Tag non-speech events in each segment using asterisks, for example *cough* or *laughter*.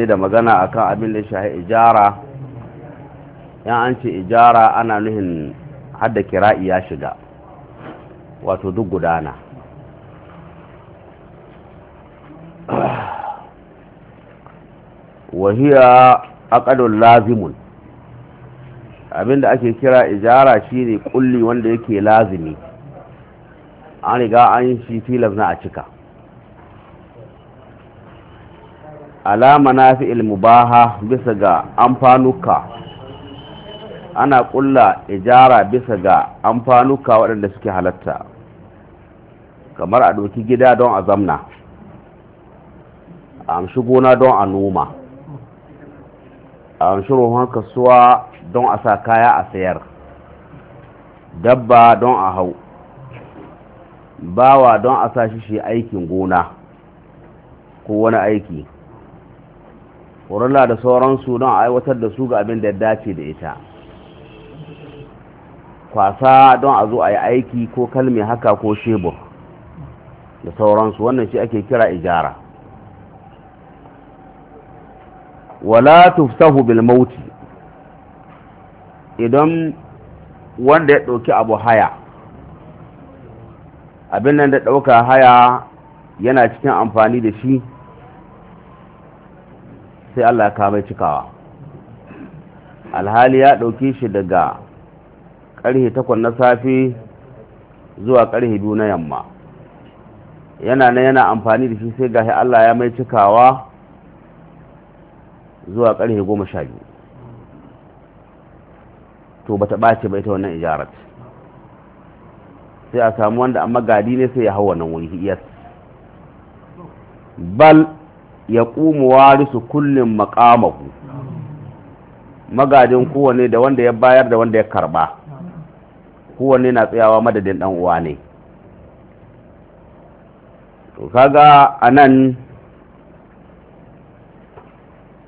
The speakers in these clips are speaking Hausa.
ne da magana akan abin da shahi ijara yan an ce ijara ana nuhin hadda kira'i ya shiga wato duk gudana wahiya akadun lazimun abin da ake kira ijara shine kulli wanda yake lazimi an riga an shi filar na a cika alama na fi ilmubaha bisa ga amfanuka ana kulla ijara bisa ga amfanuka waɗanda suke halatta kamar a ɗauki gida don a zamna a amshi gona don a noma a amshi ruhun kasuwa don a sa kaya a sayar dabba don a hau bawa don a sa shi shi aikin gona ko wani aiki ƙurula da sauransu don a aiwatar da su ga abin da ya dace da ita kwasa don a zo a yi aiki ko kalmi haka ko shebur da sauransu wannan shi ake kira ijara wala tuftahu bil mauti idan wanda ya ɗauki abu haya abin nan da ɗauka haya yana cikin amfani da shi sai Allah ya kama cikawa alhali ya ɗauki shi daga ƙarhe takwas na safe zuwa ƙarhe biyu na yamma yana na yana amfani da shi sai gashi Allah ya mai cikawa zuwa ƙarhe goma sha biyu to bata ɓace ba ita wannan ijarat sai a samu wanda amma gadi ne sai ya hau wannan wuri iyas bal ya ƙumu warisu kullum makamahu magajin kowane da wanda ya bayar da wanda ya karba kowane na tsayawa madadin ɗan uwa ne to kaga nan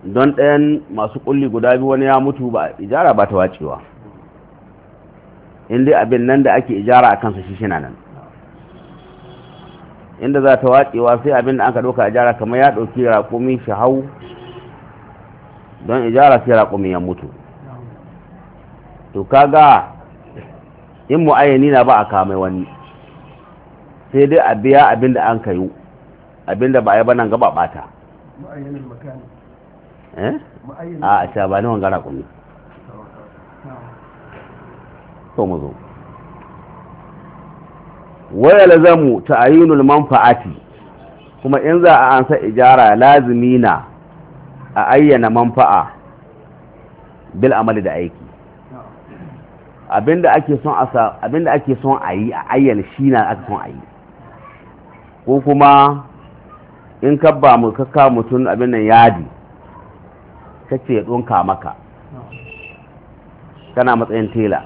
don ɗayan masu ƙulli guda biyu wani ya mutu ba ijara ba ta wacewa in abin nan da ake ijara a kansa shi shi nan inda za ta waƙewa sai abin da an ka ɗauka ijara kamar ya ɗauki raƙumi shi hau don ijara sai raƙumi ya mutu to kaga in mu'ayyani na ba a kamai wani sai dai a biya abin da an kayu abin da ba a yi ba nan gaba ɓata eh? a a ba ni wangara ƙumi to mu zo waya ta ta'ayinul manfa'ati kuma in za a ansa ijara lazimi na a ayyana manfa'a bil amali da aiki abinda ake son a ake son a yi a ayyana shi na aka son a yi ko kuma in ka ba mu kakka mutum abin nan yadi kace ya ɗunka maka kana matsayin tela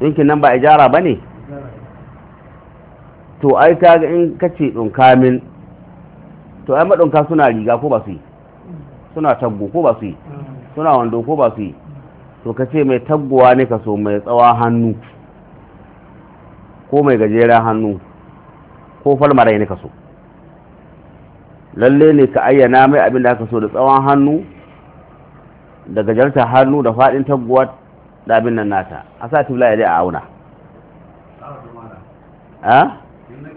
ɗinkin nan ba ijara ba ne to ai ta ga in ka ce ɗunka min to ai maɗunka suna riga ko ba su yi suna taggo ko ba su yi suna wando ko ba su yi to ka ce mai taggowa ne ka so mai tsawa hannu ko mai gajeren hannu ko falmarai ne ka so lalle ne ka ayyana mai abin da ka so da tsawon hannu da gajarta hannu da faɗin taggowa da abin nan nata a sa tibla ya dai a auna Eh.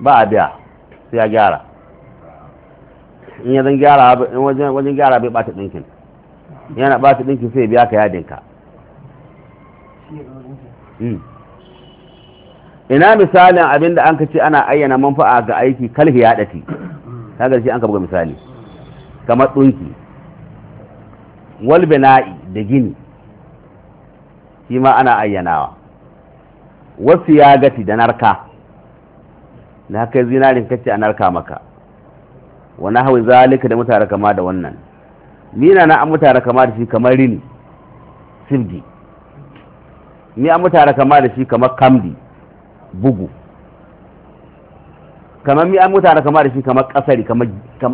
ba a biya sai ya gyara in ya gyara wajen gyara bai bata ɗinkin yana bata ɗinkin sai biya ka yadinka hmm. ina misalin abinda an ka ce ana ayyana manfa'a ga aiki kalhi ya ɗafi ta shi an ka buga misali kamar ɗunki wal bina'i da gini shi ma ana ayyanawa wasu ya gati da narka Na kai zinarin kacce a narka maka wani hawi zalika da mutare kama da wannan mina na an mutare kama da shi kamar rini sirgi ni an mutare kama da shi kamar kamdi bugu kamar mi an mutane kama da shi kamar kasari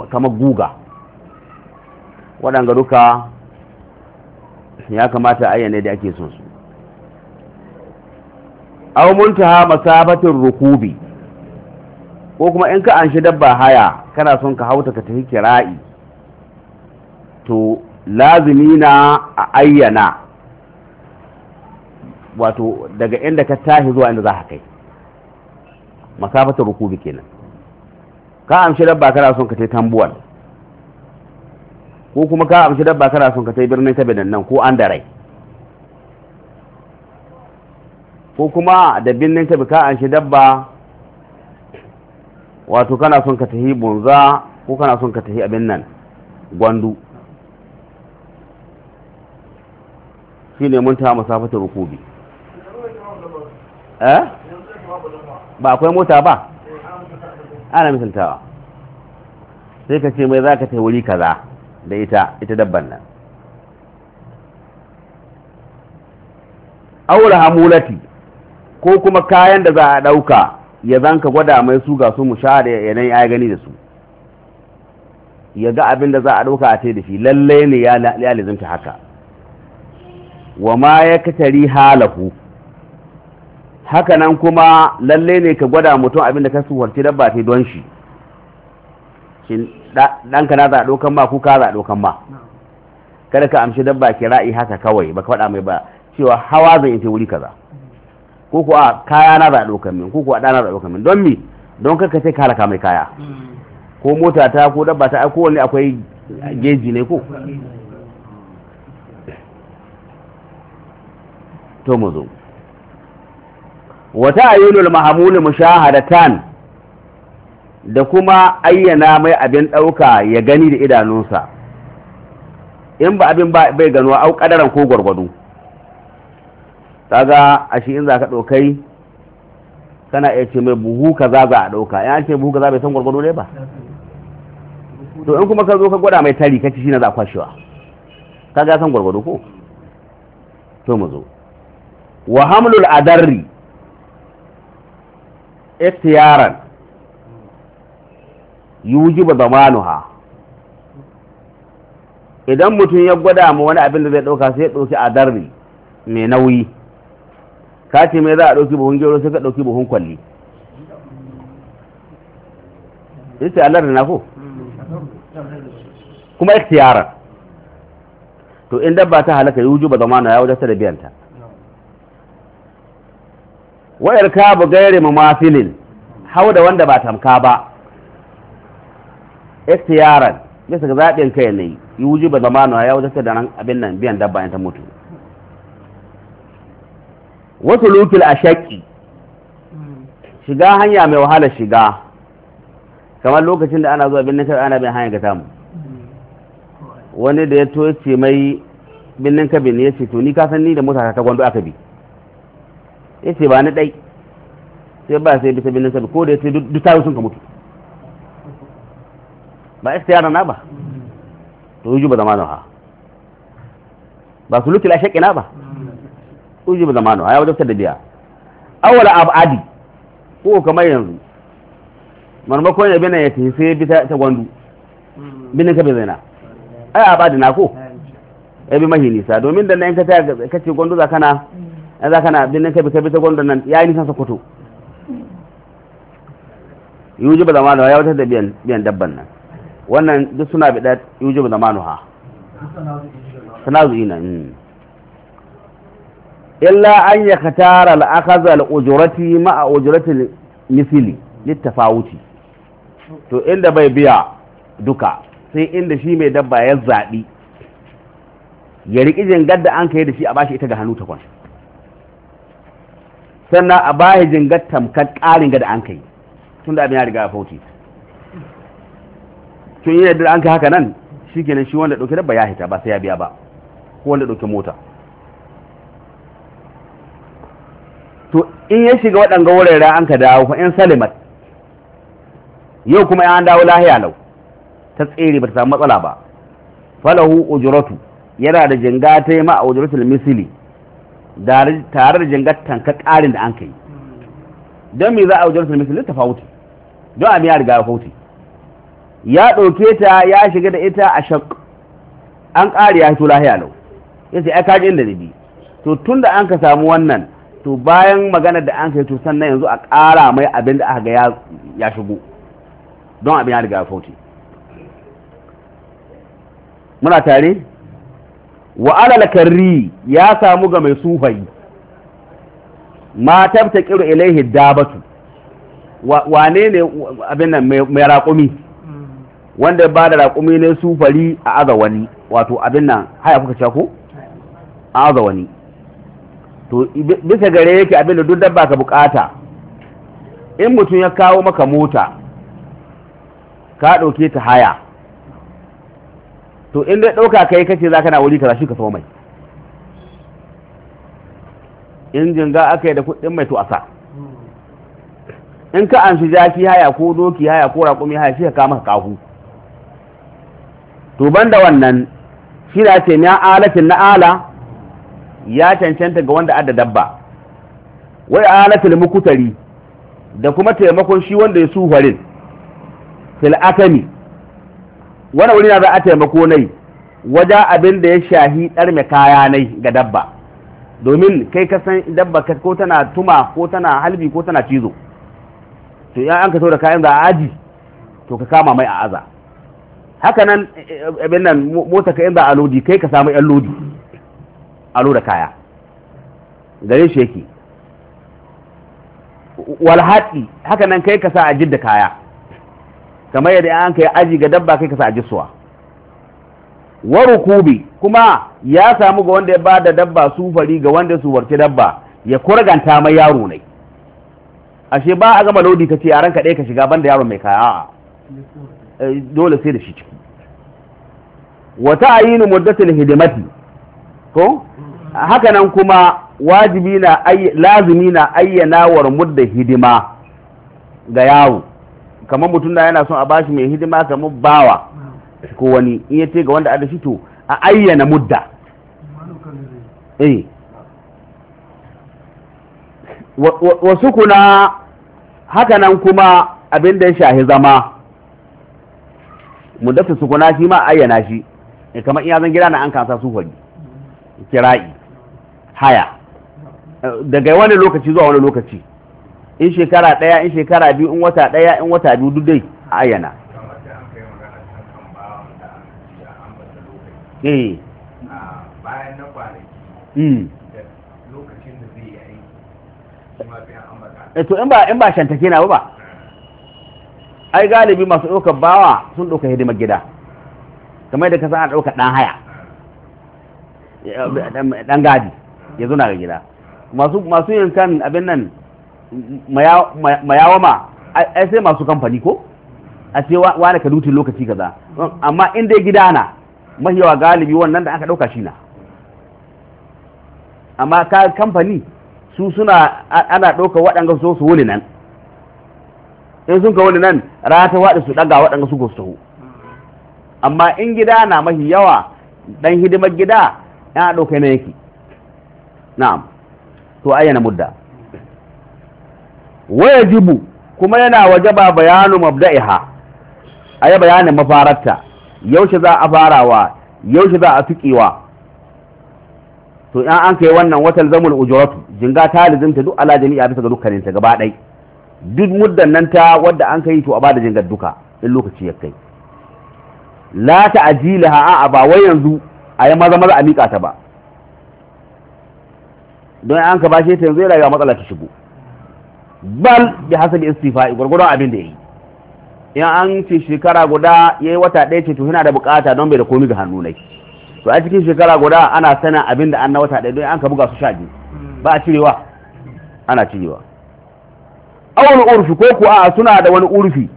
kamar guga waɗanga duka ya kamata ayyana da ake son su aw muntaha masabatin rukubi ko kuma in ka anshi dabba haya kana son ka hauta ka tafi kira'i to lazimi na a ayyana wato daga inda ka tashi zuwa inda za ka kai masabatin rukubi kenan ka amshi dabba kana son ka tafi Tambuwar. ko kuma ka amshi dabba kana son ka tai birnin bidan nan ko an da rai ko kuma da birnin ta ka amshi dabba wato kana son ka tahi bunza ko kana son ka tahi abin nan gwandu shi ne mun tawa masafatar rukubi eh ba akwai mota ba ana misaltawa sai ka ce mai za ka tahi wuri kaza da ita ita dabban nan aula hamulati ko kuma kayan da za a ɗauka ya zanka gwada mai su ga su mushahada ya yanayi ya gani da su ya ga abin da za a ɗauka a da shi lalle ne ya lizinta haka wa ma ya katari halahu haka nan kuma lalle ne ka gwada mutum abin da ka suwarci dabba ce don shi shin ɗanka na zaɗo kan ma kuka zaɗo kan ma kada ka amshi dabba ra'i haka kawai baka faɗa mai ba cewa hawa zan ta wuri kaza ko ko a kaya na zaɗo kan min ko ko a ɗana zaɗo kan min don mi don kar ka sai ka halaka mai kaya ko mota ta ko dabba ta ko wani akwai geji ne ko to mu zo wata ayyulul mahamul mushahadatan da kuma ayyana mai abin ɗauka ya gani da idanunsa in ba abin bai ganuwa au ƙadaran ko gwargwado kaga a shi in za ka ɗaukai kana iya ce mai buhu ka za a ɗauka ya an ce buhu kaza bai san gwargwado ne ba to in kuma ka zo ka gwada mai tari ci shi na za a kwashewa ga san gwargwado ko to mu zo wa hamlul adarri ikhtiyaran zamanu zamanuha idan mutum ya gwada mu wani abin da zai ɗauka sai ya ɗauki a darbi mai nauyi ka ce mai za a ɗauki buhun gero sai ka ɗauki buhun kwalli ita Allah da na ko kuma ikhtiyara to in dabba ta halaka yi ba zamanu ya wajata da biyanta wayar ka bu mu mafilin hau da wanda ba tamka ba ikhtiyaran bisa ga zaɓin kai ne yi wuji ba zamanu ya wajen da abin nan biyan dabba ta mutu wasu lukil a shaƙi shiga hanya mai wahala shiga kamar lokacin da ana zuwa birnin kabi ana bin hanya ga mu wani da ya to ce mai birnin kabi ne ya ce to ni ka san ni da mutaka ta gwando aka bi ya ce ba ni ɗai sai ba sai bisa birnin kabi ko da ya ce duk tayo sun ka mutu ba istiyara na ba to yuju ba zamanu ha ba su luki shaƙi na ba yuju ba zamanu ha ya wadatar da biya awwala abadi ko kamar yanzu marmakon ya bina ya tafi sai bi ta gwandu binin ka bai zaina ai abadi na ko ya bi mahi nisa domin da nan ka kace gwandu za kana za kana binin ka bi ka bi ta gwandu nan ya yi nisan sokoto yuji ba zamanu ha ya wadatar da biyan dabban nan wannan duk suna bida yujubu da manuha sanazu'ina mm. illa an ya katara al'akazar ujurati ma'a ujuratin misili littafawuti to inda bai biya duka sai inda shi mai dabba ya zaɓi ya riƙi jingar da an kai da shi a bashi ita ga hannu takwas sannan a bashi jingar tamkar ƙarin ga da an kai tun da abin ya riga ya fauci tun yi da an ka haka nan shi kenan shi wanda ɗauke dabba ya hita ba sai ya biya ba ko wanda ɗauke mota to in ya shiga waɗanga wurare an ka dawo fa in salimat yau kuma an dawo lahiya lau ta tsere ba ta samu matsala ba falahu ujratu yana da jinga ta yi ma a ujratul misli tare da jingar tanka ƙarin da an kai don me za a ujratul misli ta fauti don a ya riga ya fauti ya ɗauke ta ya shiga da ita a shak an ƙari ya fito lahiya lau ya ce ai kaji inda zabi to tun da an ka samu wannan to bayan magana da an kai to sannan yanzu a ƙara mai abin da aka ga ya shigo don abin ya riga ya fauce muna tare wa alal karri ya samu ga mai sufai ma tabta kiru ilaihi dabatu wane ne abin nan mai raƙumi wanda ba da raƙumi ne su fari a aza wani wato abin nan haya kuka ce ko a aza wani to bisa gare yake abin da duk dabba ka bukata in mutum ya kawo maka mota ka ɗauke ta haya to in dai ɗauka kai kace za na wuri kaza shi ka so mai injin ga aka yi da kuɗin mai to a sa in ka an shi jaki haya ko doki haya ko raƙumi haya shi ka kama ka kahu to da wannan shi na ce na alatin na ala ya cancanta ga wanda adda dabba wai alatul mukutari da kuma taimakon shi wanda ya sufarin fil akami wani wuri na za a taimako nai wajen abin da ya shahi me kaya nai ga dabba domin kai ka san dabba ko tana tuma ko tana halbi ko tana cizo to ya an ka da kayan za a aji to ka kama mai a aza haka nan eh, eh, abin nan mota ka in ba a lodi kai ka samu yan lodi a loda kaya gare shi yake walhaɗi haka nan kai ka sa a jidda kaya kamar yadda an kai aji ga dabba kai ka sa a jisuwa warukubi kuma ya samu ga wanda ya ba da dabba sufari ga wanda su warci dabba ya kurganta mai yaro ne ashe ba a gama lodi ka ce a ranka ɗaya ka shiga banda yaro mai kaya a'a dole sai da shi ciki wata ayinu muddatil hidimati ko haka nan kuma wajibi na lazumi na ayyana war mudda hidima ga yawo kamar mutum da yana son a bashi mai hidima kamar bawa ko wani iya ce ga wanda a da shi to a ayyana mudda eh wasu kuna haka nan kuma abin da ya shahi zama su kuna shi ma ayyana shi eh, kamar iya zan gida na an kansa su fari kira'i haya eh, daga wani lokaci zuwa wani lokaci in shekara daya in shekara biyu in wata daya in wata biyu duk dai a ayyana eh bayan na lokacin da zai to in ba in ba shantake na ba ba ai galibi masu ɗaukar bawa sun ɗauka hidimar gida kamar da kasa a ɗauka ɗan haya ɗan gadi ya zuna ga gida masu yin kan abin nan mayawama ai sai masu kamfani ko a ce wani ka dutin lokaci kaza amma in dai gida na mahiyawa galibi wannan da aka ɗauka shi na amma ka kamfani su suna ana ɗauka waɗanda so su wuli nan in sun ka wani nan rana waɗa su ɗaga waɗanda su gosu amma in gida na mahi yawa ɗan hidimar gida ya ɗauka na yake na'am to ayyana mudda waya jibu kuma yana wajaba bayanu mabda'iha a yi bayanin mafararta yaushe za a farawa yaushe za a fiƙewa. to in an kai wannan watan zamul ujuratu jinga ta duk ala jami'a bisa ga dukkaninta gaba ɗaya duk muddan nan ta wadda an kai to a bada jingar duka in lokaci ya kai la ta'jilaha a ba wai yanzu a yi maza maza a miƙa ta ba don an ka bashe ta yanzu ya rayuwa matsala ta shigo bal bi hasabi istifa'i gurgurun abin da yi in an ce shekara guda yayi wata ɗaya ce to yana da bukata don bai da komi ga hannu nai to a cikin shekara guda ana sana abin da an na wata ɗaya don an ka buga su sha biyu ba a cirewa ana cirewa awon urfi ko ku a suna da wani urfi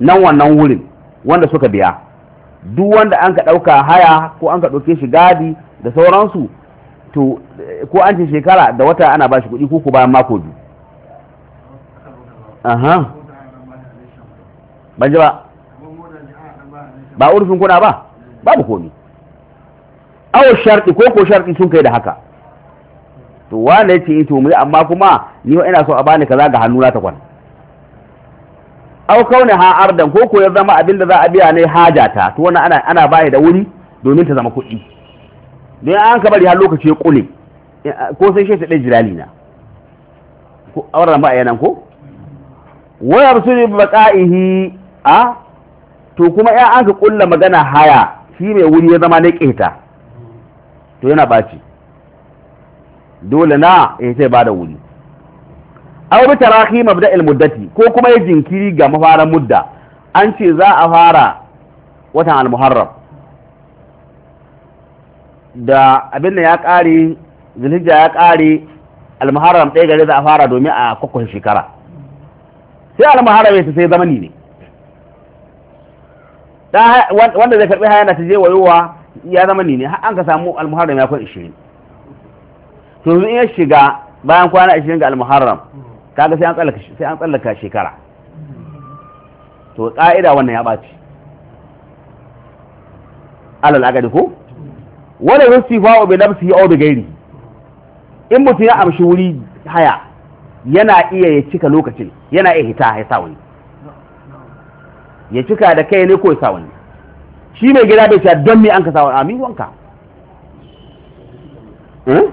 nan wannan wurin wanda suka biya duk wanda an ka ɗauka haya ko an ka ɗauke shi gadi da sauransu to ko an ce shekara da wata ana ba shi kuɗi ko ku bayan mako biyu aha ban ji ba ba urfin kuna ba babu komi awo sharɗi ko ko sharɗi sun kai da haka to wane ya ce to mu amma kuma ni wa ina so a bani kaza ga hannuna ta kwana au kauni ha ardan ko ko ya zama abin da za a biya ne haja ta to wannan ana ana bai da wuri domin ta zama kuɗi don an ka bari har lokaci ya kule eh, ko sai shi ta ɗaya jirali na ko auren ba yana ko wa su ne a to kuma ya an ka ƙulla magana haya shi mai wuri ya zama na keta to yana baci dole na ya ce ba da wuri aw bi tarahi mabda ilmuddati ko kuma ya jinkiri ga mafarar mudda an ce za a fara watan almuharram. da abin da ya kare zulhijja ya kare almuharram ɗaya gare za a fara domin a kwakwashe shekara sai almuharram ya sai zamani ne wanda zai karɓi hayana ta je wayowa ya zamani ne har an ka samu almuharram ya kwan ishirin to in ya shiga bayan kwana 20 ga al-muharram kaga sai an tsallaka sai an tsallaka shekara to ka'ida wannan ya baci alal agadi ko wala yusifa bi nafsihi aw bi ghairi in mutum ya amshi wuri haya yana iya ya cika lokacin yana iya hita ya sa wani ya cika da kai ne ko ya sa wani shi mai gida bai sha don me an ka sa wani amin wanka hmm?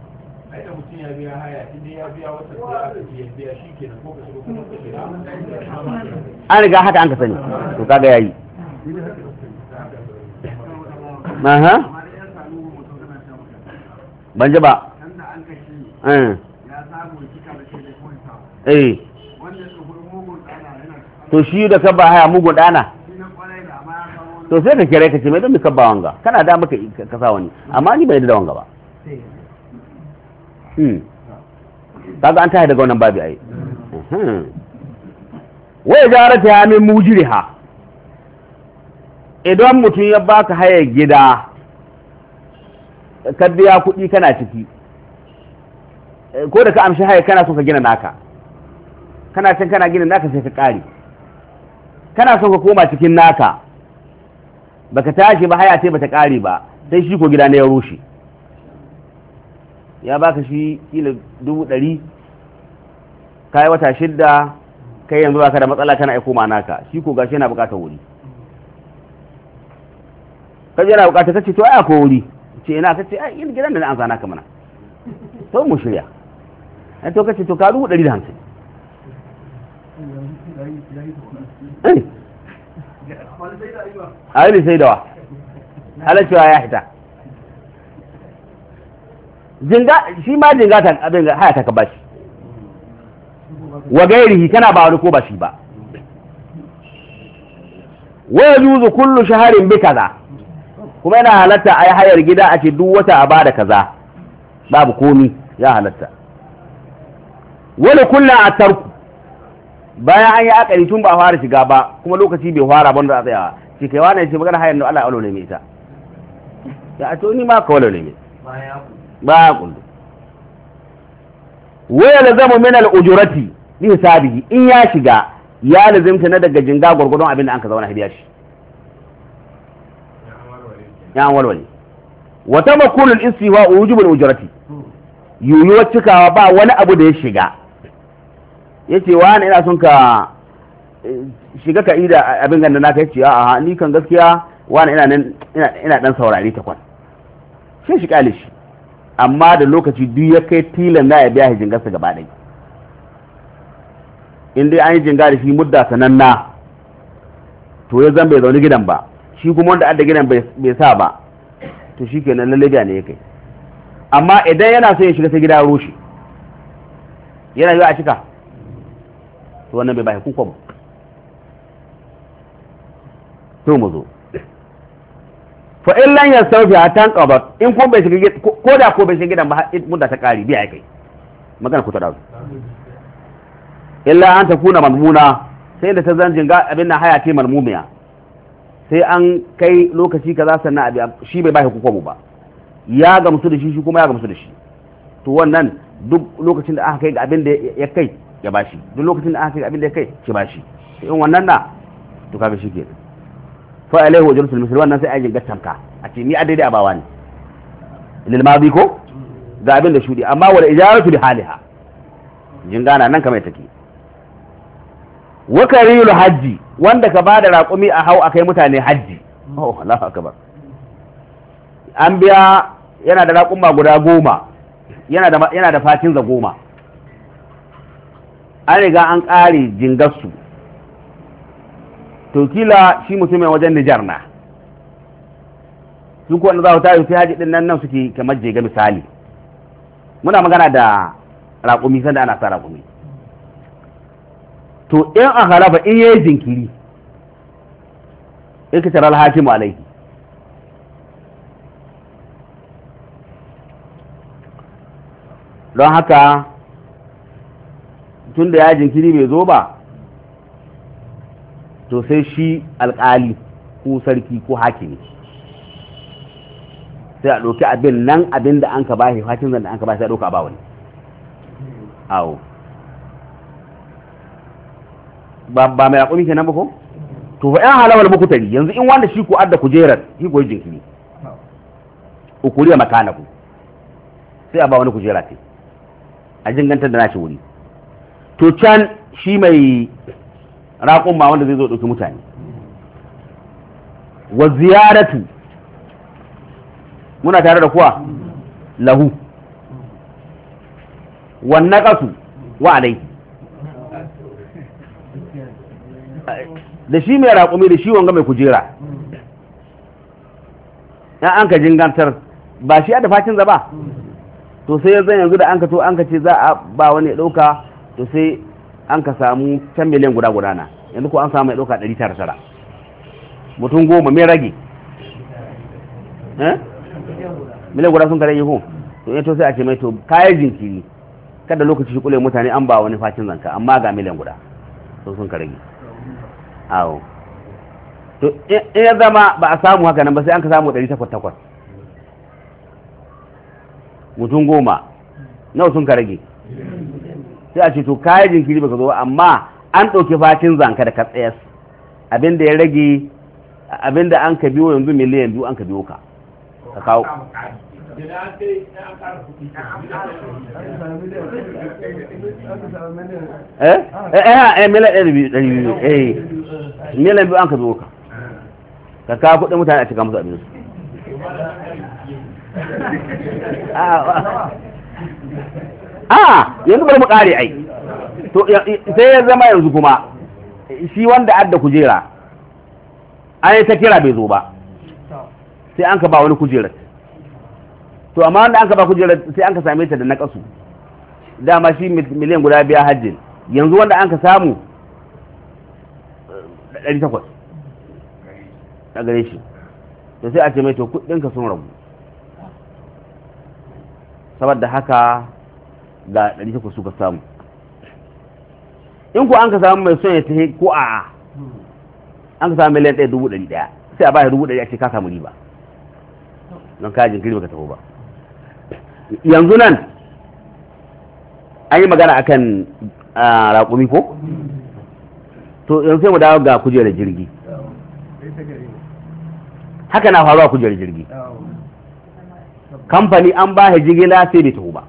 ai da mutum ya biya haya ya biya wata aka ka haka an ka sani to kaga yayi aha ban ji ba eh. eh. to shi da ka ba haya mugun dana to sai ka kira ka ce mai don ka kaba wanga kana da maka ka sa wani amma ni bai da wanga ba eh. Hmm. kaga an tahi daga wannan babu ai wai ta yami mujiri ha? idan mutum ya baka haya gida ka biya kuɗi kana ciki eh, ko da ka amshi haya kana so ka gina naka kana can kana gina naka sai ka ƙare kana so ka koma cikin naka baka tashi ba haya ce bata ƙare ba sai shi ko gida na ya rushe ya baka shi kila dubu ɗari ka yi wata shidda kai yanzu baka da matsala kana aiko ma naka shi ko gashi yana bukata wuri ka yana bukatar kace to ai akwai wuri ce ina kace ai in gidan da na amsa naka mana to mu shirya ai to kace to ka dubu ɗari da hamsin eh. ai ne sai da wa halar cewa ya hita jinga shi ma jinga ta abin haya ta ka bashi wa gairihi kana ba wani ko ba shi ba wa yuzu kullu shaharin bi kaza kuma yana halatta ai hayar gida a ce duk wata a bada kaza babu komi ya halatta wani kulla a tarku bayan an yi akari tun ba fara shiga ba kuma lokaci bai fara ban da tsayawa shi kai wani ce magana hayar da Allah ya ne mai ta ya a to ni ma ka walwale mai ba a kullu waya lazamu min al-ujurati bi hisabihi in ya shiga ya lazimta na daga jinga gwargwadon abin da an ka zauna hidiya shi ya an walwale wa tamakulul istiwa wujubul ujurati yuyuwar cikawa ba wani abu da ya shiga ya wa wani ina son ka shiga ka ida abin ganda ya yace a'a ni kan gaskiya wa ina nan ina dan saurari ta kwan shi shi kalishi amma da lokaci duk ya kai tilan na ya biya shi jingarsa gaba ɗai in dai an yi jinga da shi mudda sananna to ya zan bai zaune gidan ba shi kuma wanda adda gidan bai sa ba to shi kenan na biya ne ya kai amma idan yana so ya shiga sai gida rushe yana yi a cika to wannan bai bai shi ba to mu zo fa in lan yastawfi tan qabat in ko bai shiga ko da ko bai shiga gidan ba da ta kari biya kai magana ku ta dawo illa an ta kuna malmuna sai da ta zan jinga abin nan haya ce malmumiya sai an kai lokaci kaza sannan abi shi bai bai hukumu ba ya gamsu da shi shi kuma ya gamsu da shi to wannan duk lokacin da aka kai ga abin da ya kai ya bashi duk lokacin da aka kai ga abin da ya kai shi bashi in wannan na to kaga shi kenan fa alaihi wa jurusul misl wannan sai a yin gaskanka a ce ni a daidai abawa ne lil madi ko ga abin da shudi amma wal ijaratu li haliha jin gana nan kamar take wa karil hajji wanda ka bada raƙumi a hau akai mutane hajji oh Allahu akbar an biya yana da raƙuma guda goma yana da fatin za goma an riga an ƙare jingarsu to kila shi mutumin wajen Nijar na su kuwa na za su tashi sai haji din nan nan suke kamar je ga misali muna magana da raƙumi sanda ana sa raƙumi to in a halaba in yayi jinkiri ikitar alhakimu alaihi don haka tun da ya jinkiri bai zo ba to sai shi alƙali ko sarki ko hakimi sai a ɗauki abin nan abin da an ka ba shi hakin zan da an ka ba shi a ɗauka ba wani awo ba mai ke nan ba ko to fa yan halawar mukutari yanzu in wanda shi ku adda kujerar shi ku jinkiri makana ku sai a ba wani kujera ce a jingantar da nashi wuri to can shi mai raƙon ba wanda zai zo ɗauki mutane wa ziyaratu muna tare da kuwa lahu wa naqasu wa alai da shi mai raƙumi da shi wanga mai kujera Yan an ka jingantar ba shi da facin zaba to sai yanzu da an ka to an ka ce za a ba wani ya ɗauka to sai an ka samu 10 miliyan guda guda na yanzu ko an samu mai ɗauka ɗari tara mutum goma mai rage eh? miliyan guda sun ka rage ko to ya eh, to sai a ce mai to kayan jinkiri kada lokaci shi kule mutane an ba wani facin zanka amma ga miliyan guda sun sun ka rage awo to in ya zama ba a samu haka nan ba sai an ka samu ɗari takwas takwas mutum goma nawa sun ka rage sai a ce to kayan jinkiri baka zo amma an ɗauki fatin zanka da katsayas abin da ya rage abin da an ka biyo yanzu miliyan biyu an ka biyo ka ka kawo eh eh, eh, eh, eh miliyan biyu an ka biyo ka ka kawo kuɗin mutane a cika musu abin su ah, a yanzu bari mu kare ai to sai ya zama yanzu kuma shi wanda adda kujera an yi ta kira bai zo ba sai an ka ba wani kujerar to amma wanda an ka ba kujerar sai an ka same ta da nakasu dama shi miliyan guda biya hajjin yanzu wanda an ka samu 800 a gare shi to sai a ce mai to kudinka sun rabu saboda haka ga ɗari 800 suka samu in ku an ka samu mai son ya tafi ko a an ka samu miliyan ɗaya dubu ɗari ɗaya sai a ba dubu ɗari a ce ka samu riba don kajin jinkiri baka taho ba yanzu nan an yi magana a kan raƙumi ko to yanzu sai mu dawo ga kujerar jirgi haka na faruwa kujerar jirgi kamfani an ba jirgi na sai bai taho ba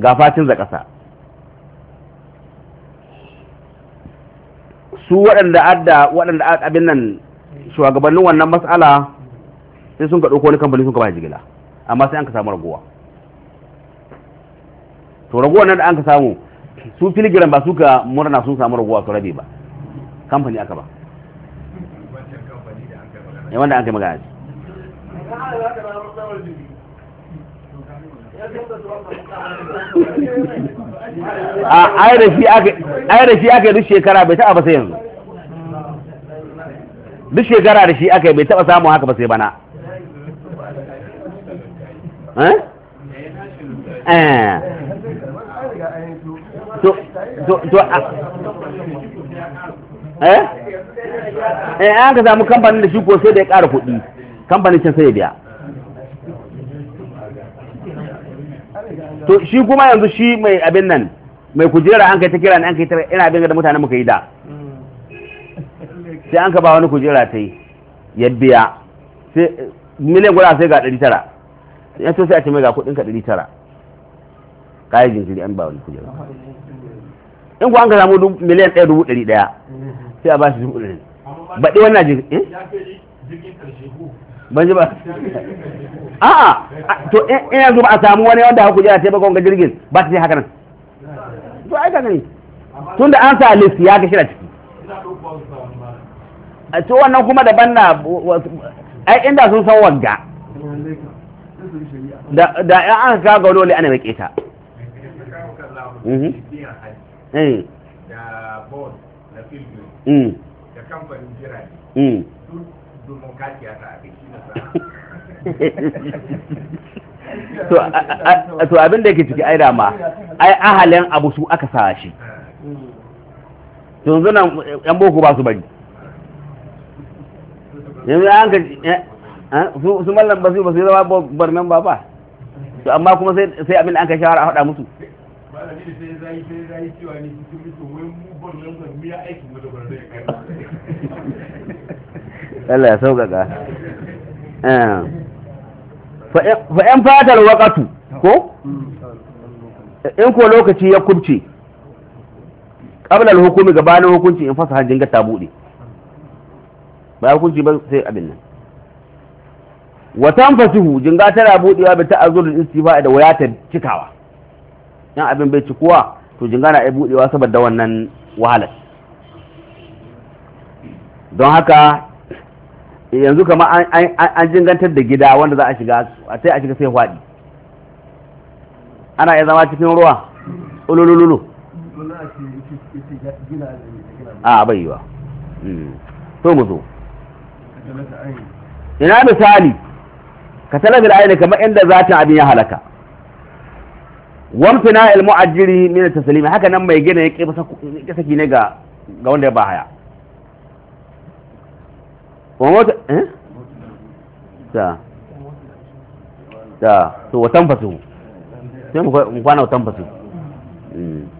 ga za ƙasa su waɗanda adda waɗanda abin nan shugabannin wannan matsala sai sun ka ɗauko wani kamfani sun ka ba jigila amma sai an ka samu raguwa to raguwa nan da an ka samu su filigiran ba su ka murna sun samu raguwa su rabe ba kamfani aka ba eh, wanda an kai magana a ai da shi aka yi duk shekara bai taɓa ba sai yanzu duk shekara da shi aka yi bai taɓa samun haka ba sai bana eh, eh. eh? eh an ka samu kamfanin da shi ko sai da ya ƙara kuɗi kamfanin can sai ya biya to shi kuma yanzu shi mai abin nan mai kujera an kai ta kira ne an kai ta ina abin da mutane muka yi da sai an ka ba wani kujera ta yi ya biya sai miliyan guda sai ga ɗari tara ya so sai a ce mai ga kuɗin ka ɗari tara kayan jinkiri an ba wani kujera in ku an ka samu miliyan ɗaya dubu ɗari ɗaya sai a ba shi dubu ɗari baɗi wannan jinkiri eh? ban ji ba a'a to in yanzu ba a samu wani wanda haku jira ta bakon ga jirgin ba ta ce haka nan to ai ka gani tun da an sa list ya ga da ciki a to wannan kuma daban na ai inda sun san wanga da ya an ka ga dole ana rike ta mhm. eh. da board da filgin mm. da kamfanin jirage mm. *laughs* to abin da yake ciki ai dama ai ahalin abu su aka sa shi yanzu nan yan boko ba su bari yanzu an ka eh, eh, su mallam ba su ba su zama bar nan ba ba to amma kuma sai abin da an ka shawara a hada musu sai zai sai zai cewa ne cikin mutum wai mu barnan ba mu ya aiki mu da barnan Allah ya sauƙaƙa eh. fa'yan fatar waƙatu ko? in ko lokaci ya kubce ƙablar hukumi gabanin hukunci in fasa hajjin gata buɗe ba hukunci ba sai abin nan watan fasihu jinga tana buɗewa bai ta'azzurin istifa da wayata cikawa yan abin bai cikuwa to jinga na buɗewa saboda wannan wahalar don haka yanzu kama an jingantar da gida wanda za a shiga a sai a shiga sai hwaɗi ana iya zama cikin ruwa ululululu a bai yiwa so hmm. mu zo ina misali ka da aini kamar inda ta abin ya halaka wamfina ilmu ajiri min tasalimi haka nan mai gina ya ƙi saki ne ga wanda ya ba haya wa mota eh ta ta to watan fasu sai mu kwana watan fasu hmm.